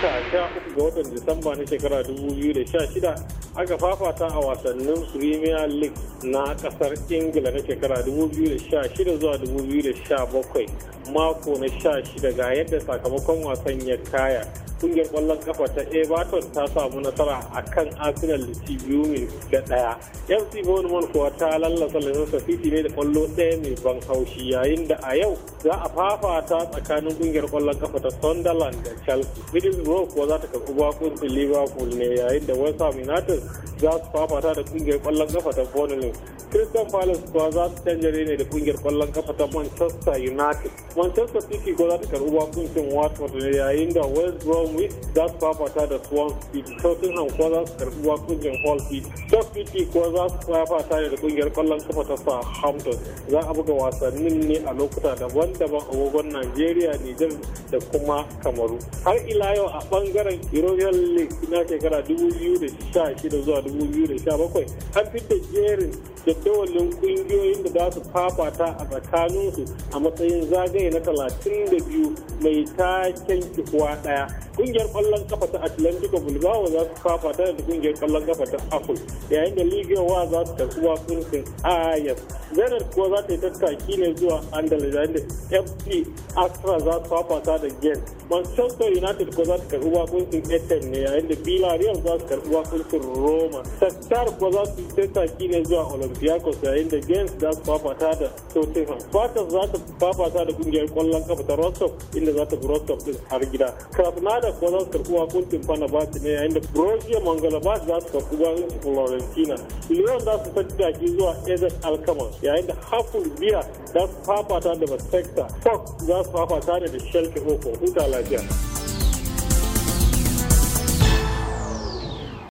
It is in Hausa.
ta uku ga watan Disamba na shekara 2016 aka fafata a wasannin premier league na kasar ingila na shekara 2016 zuwa 2017 mako na 16 ga yadda sakamakon wasan ya kaya kungiyar kwallon kafa ta everton ta samu nasara a kan arsenal da cibiyu mai da daya fc bournemouth kuwa ta lallasa lansa city ne da kwallo daya mai ban haushi yayin da a yau za a fafata tsakanin kungiyar kwallon kafa ta sunderland da chelsea middlesbrough kuwa za ta karbi bakuncin liverpool ne yayin da west ham united za su fafata da kungiyar kwallon kafa ta Bonilin Crystal Palace kuwa za su canja ne da kungiyar kwallon kafa ta Manchester United. Manchester City ko za ta karbi bakuncin Watford ne yayin da West Bromwich za su fafata da Swansea. Tottenham kuwa za su karbi bakuncin Hull City. Stoke City kuwa za su fafata ne da kungiyar kwallon kafa ta Southampton. Za a buga wasannin ne a lokuta daban-daban gogon Najeriya, Nijar da kuma Kamaru. Har ila yau a bangaren European League na shekara 2016 zuwa 2017 an fitar jerin jadawalin kungiyoyin da za su fafata a tsakaninsu a matsayin zagaye na 32 mai taken kihuwa daya kungiyar kwallon kafa ta atlantico bilbao za su fafata da kungiyar kwallon kafa ta apple yayin da war za su tafi wakunsin ayas zanar kuwa za ta yi tattaki ne zuwa andalus yayin da fc astra za su fafata da gen manchester united kuwa za ta karbi wakunsin etern ne yayin da villarreal za su karbi wakunsin roma sattar kuwa za su yi tattaki ne zuwa olympia olympiacos yayin da Gens za su fafata da tottenham spartans za ta fafata da kungiyar kwallon kafa ta rostov inda za ta rostov din har gida krasnodar kuwa za su karɓi fana fanabati ne yayin da borussia mönchengladbach za su karɓi wakuncin florentina lyon za su saki daki zuwa ez alkama yayin da haful biya za su fafata da basecta fox za su fafata da Schalke 04. huta lafiya.